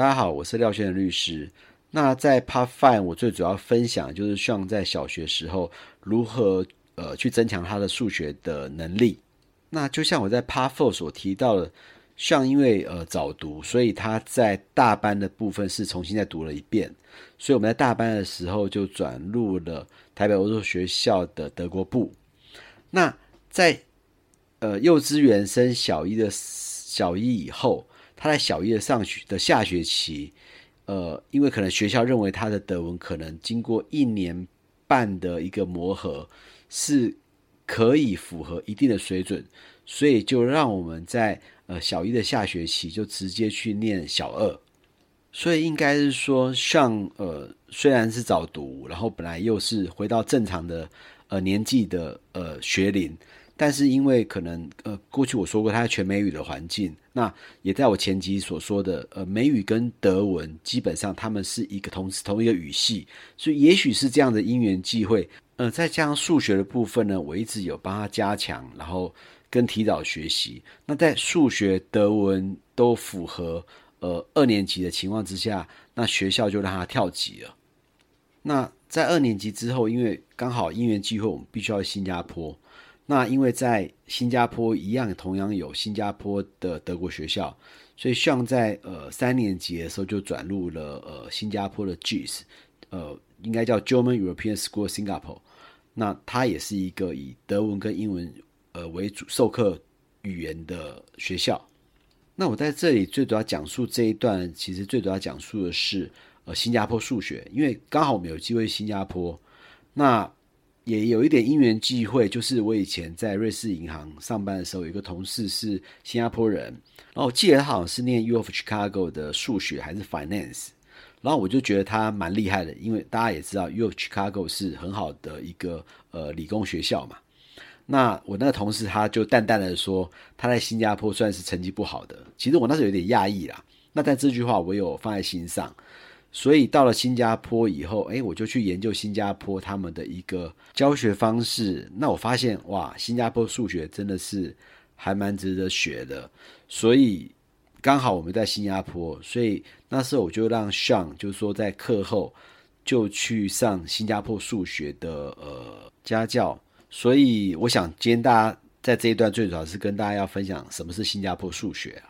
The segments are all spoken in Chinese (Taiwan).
大家好，我是廖軒的律師。那在 Part Five，我最主要分享就是希望在小學時候如何呃去增強他的數學的能力。那就像我在 Part Four 所提到的，像因為呃早讀，所以他在大班的部分是重新再讀了一遍，所以我們在大班的時候就轉入了台北歐洲學校的德國部。那在呃幼稚園升小一的小一以後。他在小一的上學的下學期，呃，因為可能學校認為他的德文可能經過一年半的一個磨合，是可以符合一定的水準，所以就讓我們在呃小一的下學期就直接去念小二，所以應該是說像，像呃雖然是早讀，然後本來又是回到正常的呃年紀的呃學齡。但是因為可能呃，過去我說過他在全美語的環境，那也在我前集所說的呃，美語跟德文基本上他們是一個同同一個語系，所以也許是這樣的因緣際會，呃，再加上數學的部分呢，我一直有幫他加強，然後跟提早學習。那在數學德文都符合呃二年級的情況之下，那學校就讓他跳級了。那在二年級之後，因為剛好因緣際會，我們必須要去新加坡。那因為在新加坡一樣同樣有新加坡的德國學校，所以像在呃三年級的時候就轉入了呃新加坡的 GIS，呃應該叫 German European School Singapore，那它也是一個以德文跟英文呃為主授課語言的學校。那我在這裡最主要講述這一段，其實最主要講述的是呃新加坡數學，因為剛好我們有機會新加坡，那也有一點因緣際會，就是我以前在瑞士銀行上班的時候，有一個同事是新加坡人，然後我記得他好像是念 U of Chicago 的數學還是 Finance，然後我就覺得他蠻厲害的，因為大家也知道 U of Chicago 是很好的一個呃理工學校嘛。那我那個同事他就淡淡的說他在新加坡算是成績不好的，其實我那時候有點訝異啦，那但這句話，我有放在心上。所以到了新加坡以後，哎，我就去研究新加坡他們的一個教學方式。那我發現，哇，新加坡數學真的是還蠻值得學的。所以剛好我們在新加坡，所以那時候我就讓上，就是說在課後就去上新加坡數學的呃家教。所以我想，今天大家在這一段，最主要是跟大家要分享什麼是新加坡數學啊。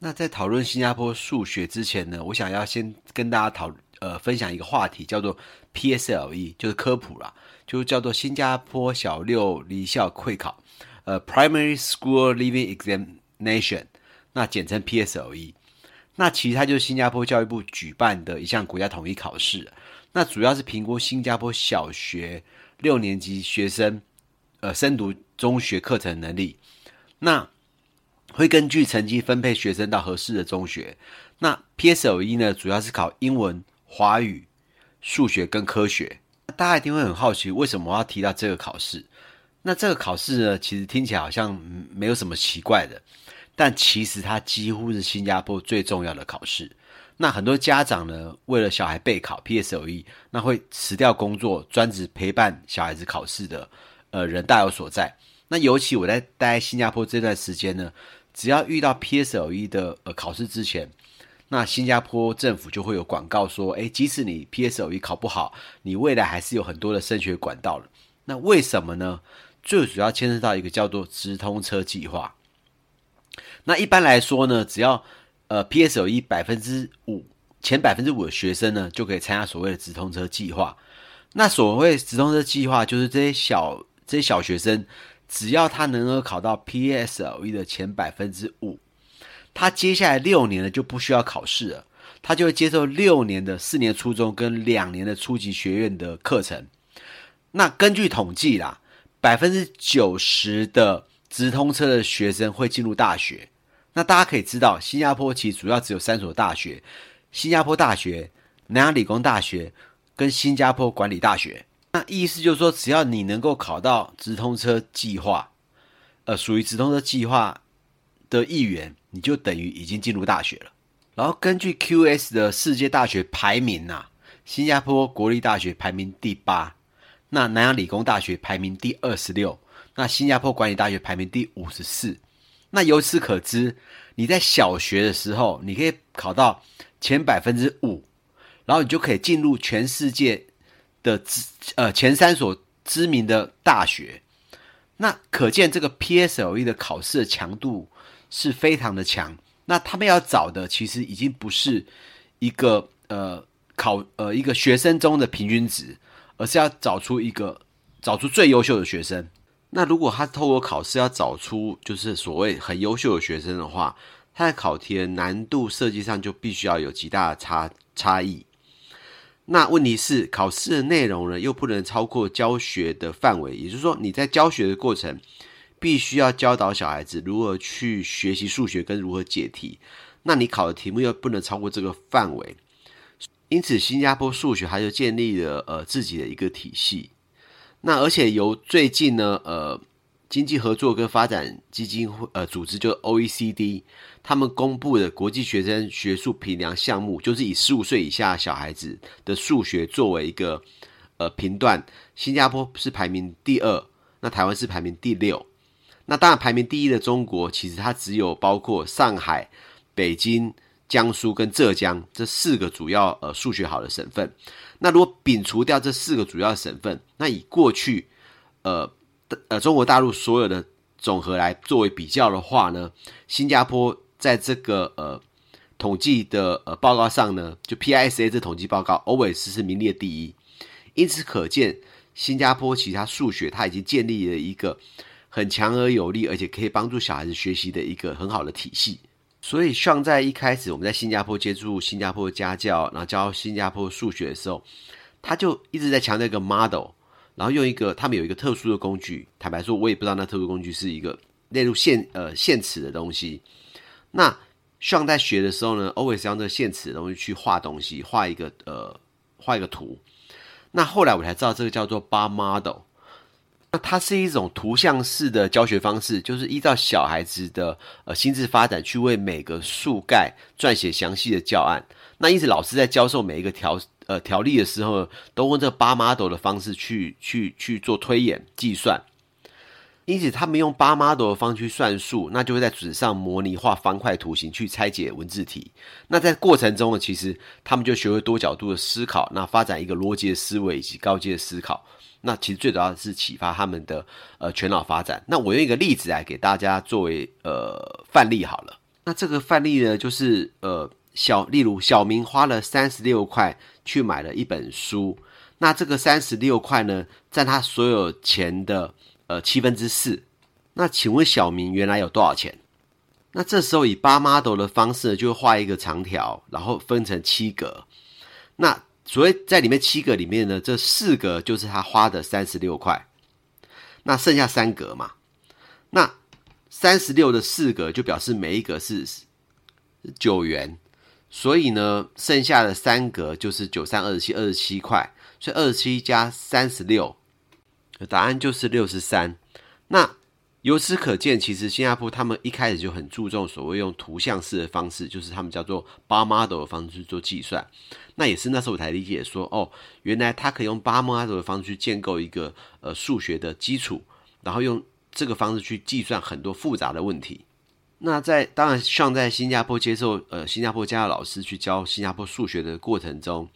那在討論新加坡數學之前呢，我想要先跟大家討呃分享一個話題，叫做 PSLE，就是科普啦，就叫做新加坡小六離校會考，呃，Primary School Leaving Examination，那簡稱 PSLE，那其實它就是新加坡教育部舉辦的一項國家統一考試，那主要是評估新加坡小學六年級學生呃升讀中學課程能力，那，會根據成績分配學生到合適的中學。那 PSLE 呢，主要是考英文、華語、數學跟科學。大家一定會很好奇，為什麼我要提到這個考試？那這個考試呢，其實聽起來好像沒有什麼奇怪的，但其實它幾乎是新加坡最重要的考試。那很多家長呢，為了小孩備考 PSLE，那會辭掉工作，專職陪伴小孩子考試的，呃，人大有所在。那尤其我在待新加坡這段時間呢。只要遇到 PSLE 的呃考試之前，那新加坡政府就會有廣告說，誒、欸，即使你 PSLE 考不好，你未來還是有很多的升學管道的。那為什麼呢？最主要牽涉到一個叫做直通車計劃。那一般來說呢，只要呃 PSLE 百分之五前百分之五的學生呢，就可以參加所謂的直通車計劃。那所謂直通車計劃，就是這些小這些小學生。只要他能夠考到 PSLE 的前百分之五，他接下來六年呢就不需要考試了，他就會接受六年的四年初中跟兩年的初級學院的課程。那根據統計啦，百分之九十的直通車的學生會進入大學。那大家可以知道，新加坡其實主要只有三所大學：新加坡大學、南洋理工大學跟新加坡管理大學。那意思就是說，只要你能夠考到直通車計劃，呃，屬於直通車計劃的一員，你就等於已經進入大學了。然後根據 QS 的世界大學排名啊，新加坡國立大學排名第八，那南洋理工大學排名第二十六，那新加坡管理大學排名第五十四。那由此可知，你在小學的時候，你可以考到前百分之五，然後你就可以進入全世界。的知呃，前三所知名的大學，那可見這個 PSLE 的考試的強度是非常的強。那他們要找的其實已經不是一個呃考呃一個學生中的平均值，而是要找出一個找出最優秀的學生。那如果他透過考試要找出就是所謂很優秀的學生的話，他在考題的難度設計上就必須要有極大的差差異。那問題是，考試的內容呢又不能超過教學的範圍，也就是說，你在教學的過程必須要教導小孩子如何去學習數學跟如何解題，那你考的題目又不能超過這個範圍，因此，新加坡數學它就建立了呃自己的一個體系，那而且由最近呢，呃。經濟合作跟發展基金會呃組織就 OECD，他們公布的國際學生學術評量項目，就是以十五歲以下的小孩子的數學作為一個呃評斷，新加坡是排名第二，那台灣是排名第六，那當然排名第一的中國，其實它只有包括上海、北京、江蘇跟浙江這四個主要呃數學好的省份，那如果摒除掉這四個主要省份，那以過去呃。呃，中國大陸所有的總和來作為比較的話呢，新加坡在這個呃統計的呃報告上呢，就 PISA 這統計報告，always 是名列第一。因此可見，新加坡其他數學它已經建立了一個很強而有力，而且可以幫助小孩子學習的一個很好的體系。所以，像在一開始我們在新加坡接觸新加坡的家教，然後教新加坡數學的時候，他就一直在強調一個 model。然後用一個，他們有一個特殊的工具，坦白說，我也不知道那特殊工具是一個類似線呃線尺的東西。那 Sean 在學的時候呢 ，always 用這個線尺的東西去畫東西，畫一個呃畫一個圖。那後來我才知道這個叫做 Bar Model，那它是一種圖像式的教學方式，就是依照小孩子的呃心智發展去為每個數概撰寫詳細的教案。那因此老師在教授每一個條。呃，條例的時候呢，都用這個 bar model 的方式去去去做推演計算，因此他們用 bar model 的方式去算數，那就會在紙上模擬畫方塊圖形去拆解文字題。那在過程中呢，其實他們就學會多角度的思考，那發展一個邏輯的思維以及高階思考。那其實最主要的是啟發他們的呃全腦發展。那我用一個例子來給大家作為呃範例好了。那這個範例呢，就是呃。小例如小明花了三十六塊去買了一本書，那這個三十六塊呢，占他所有錢的呃七分之四，那請問小明原來有多少錢？那這時候以八 m o 的方式呢，就畫一個長條，然後分成七格，那所謂在裡面七格裡面呢，這四格就是他花的三十六塊，那剩下三格嘛，那三十六的四格就表示每一個是九元。所以呢，剩下的三格就是九三二十七二十七塊，所以二十七加三十六，答案就是六十三。那由此可見，其實新加坡他們一開始就很注重所謂用圖像式的方式，就是他們叫做 bar model 的方式去做計算。那也是那時候我才理解說，哦，原來他可以用 bar model 的方式去建構一個呃數學的基礎，然後用這個方式去計算很多複雜的問題。那在當然，上在新加坡接受呃新加坡家的老師去教新加坡數學的過程中，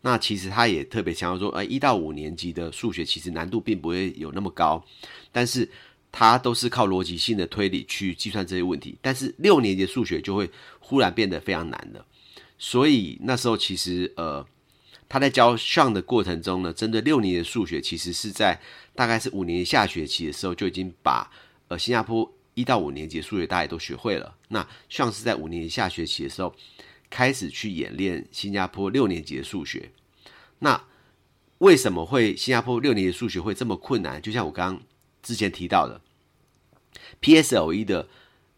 那其實他也特別強調說，呃，一到五年級的數學其實難度並不會有那麼高，但是他都是靠邏輯性的推理去計算這些問題。但是六年級數學就會忽然變得非常難了。所以那時候其實呃，他在教上的過程中呢，針對六年的數學，其實是在大概是五年下學期的時候就已經把呃新加坡。一到五年級數學大家也都學會了。那像是在五年級下學期的時候，開始去演練新加坡六年級的數學。那為什麼會新加坡六年級數學會這麼困難？就像我剛之前提到的，PSLE 的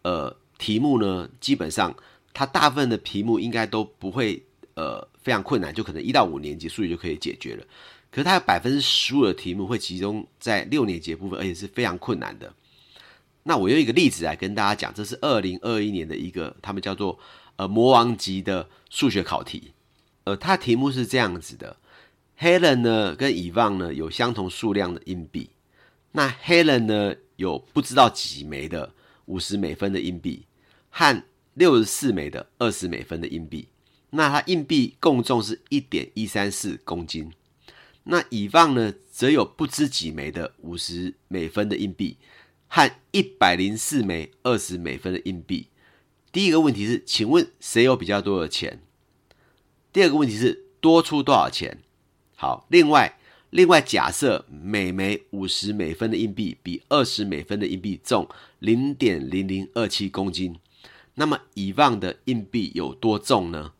呃題目呢，基本上它大部分的題目應該都不會呃非常困難，就可能一到五年級數學就可以解決了。可是它有百分之十五的題目會集中在六年級部分，而且是非常困難的。那我用一個例子來跟大家講，這是二零二一年的一個，他們叫做呃魔王級的數學考題。呃，它題目是這樣子的：Helen 呢跟 Ivan 呢有相同數量的硬幣。那 Helen 呢有不知道幾枚的五十美分的硬幣和六十四枚的二十美分的硬幣。那它硬幣共重是一點一三四公斤。那 Ivan 呢則有不知幾枚的五十美分的硬幣。和一百零四枚二十美分的硬幣。第一個問題是，請問誰有比較多的錢？第二個問題是，多出多少錢？好，另外，另外假設每枚五十美分的硬幣比二十美分的硬幣重零點零零二七公斤，那麼伊凡的硬幣有多重呢？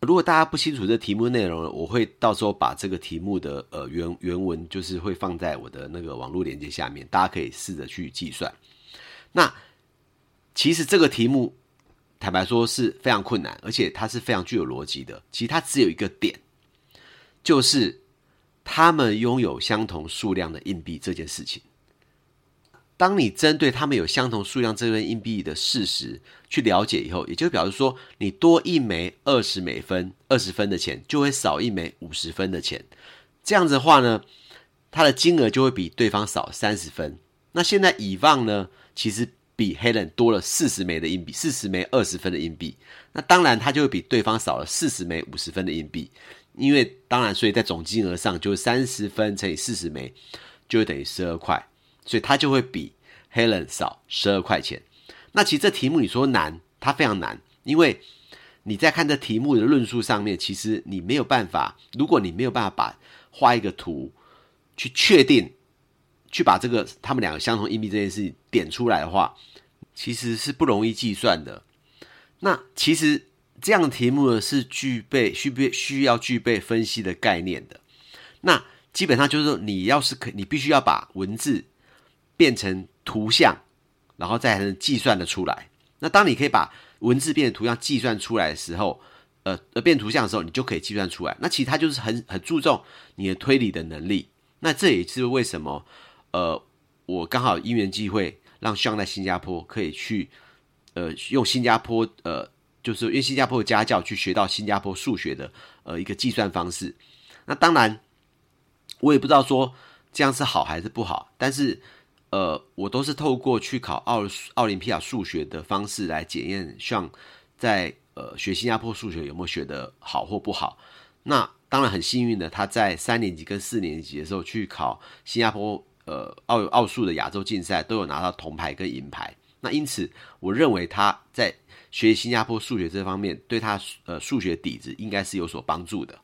如果大家不清楚這題目內容，我會到時候把這個題目的呃原原文，就是會放在我的那個網絡鏈接下面，大家可以試着去計算。那其實這個題目，坦白說是非常困難，而且它是非常具有邏輯的。其實它只有一個點，就是他們擁有相同數量的硬幣這件事情。當你針對他們有相同數量這份硬幣的事實去了解以後，也就表示說，你多一枚二十美分、二十分的錢，就會少一枚五十分的錢。這樣子的話呢，它的金額就會比對方少三十分。那現在，伊凡呢，其實比海倫多了四十枚的硬幣，四十枚二十分的硬幣。那當然，他就會比對方少了四十枚五十分的硬幣，因為當然，所以在總金額上，就是三十分乘以四十枚，就會等於十二塊。所以它就會比 Helen 少十二塊錢。那其實這題目你說難，它非常難，因為你在看這題目的論述上面，其實你沒有辦法，如果你沒有辦法把畫一個圖去確定，去把這個他們兩個相同硬幣這件事情點出來的話，其實是不容易計算的。那其實這樣的題目呢，是具備需不需要具備分析的概念的。那基本上就是說，你要是可，你必須要把文字，變成圖像，然後再還能計算的出來。那當你可以把文字變成圖像計算出來的時候，呃呃，變圖像的時候你就可以計算出來。那其實它就是很很注重你的推理的能力。那這也是為什麼，呃，我剛好因緣際會讓希望在新加坡可以去，呃，用新加坡呃，就是因為新加坡的家教去學到新加坡數學的呃一個計算方式。那當然，我也不知道說這樣是好還是不好，但是。呃，我都是透過去考奧奧林匹亞數學的方式來檢驗，像在呃學新加坡數學有沒有學得好或不好。那當然很幸運的，他在三年級跟四年級的時候去考新加坡呃奧奧數的亞洲競賽，都有拿到銅牌跟銀牌。那因此，我認為他在學習新加坡數學這方面，對他呃數學底子應該是有所幫助的。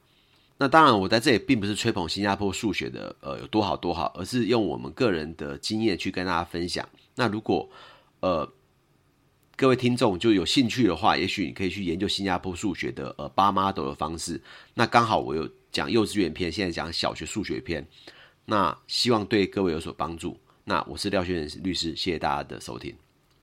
那當然，我在這裡並不是吹捧新加坡數學的呃有多好多好，而是用我們個人的經驗去跟大家分享。那如果呃各位聽眾就有興趣的話，也許你可以去研究新加坡數學的呃八 model 的方式。那剛好我有講幼稚園篇，現在講小學數學篇，那希望對各位有所幫助。那我是廖學仁律師，謝謝大家的收聽。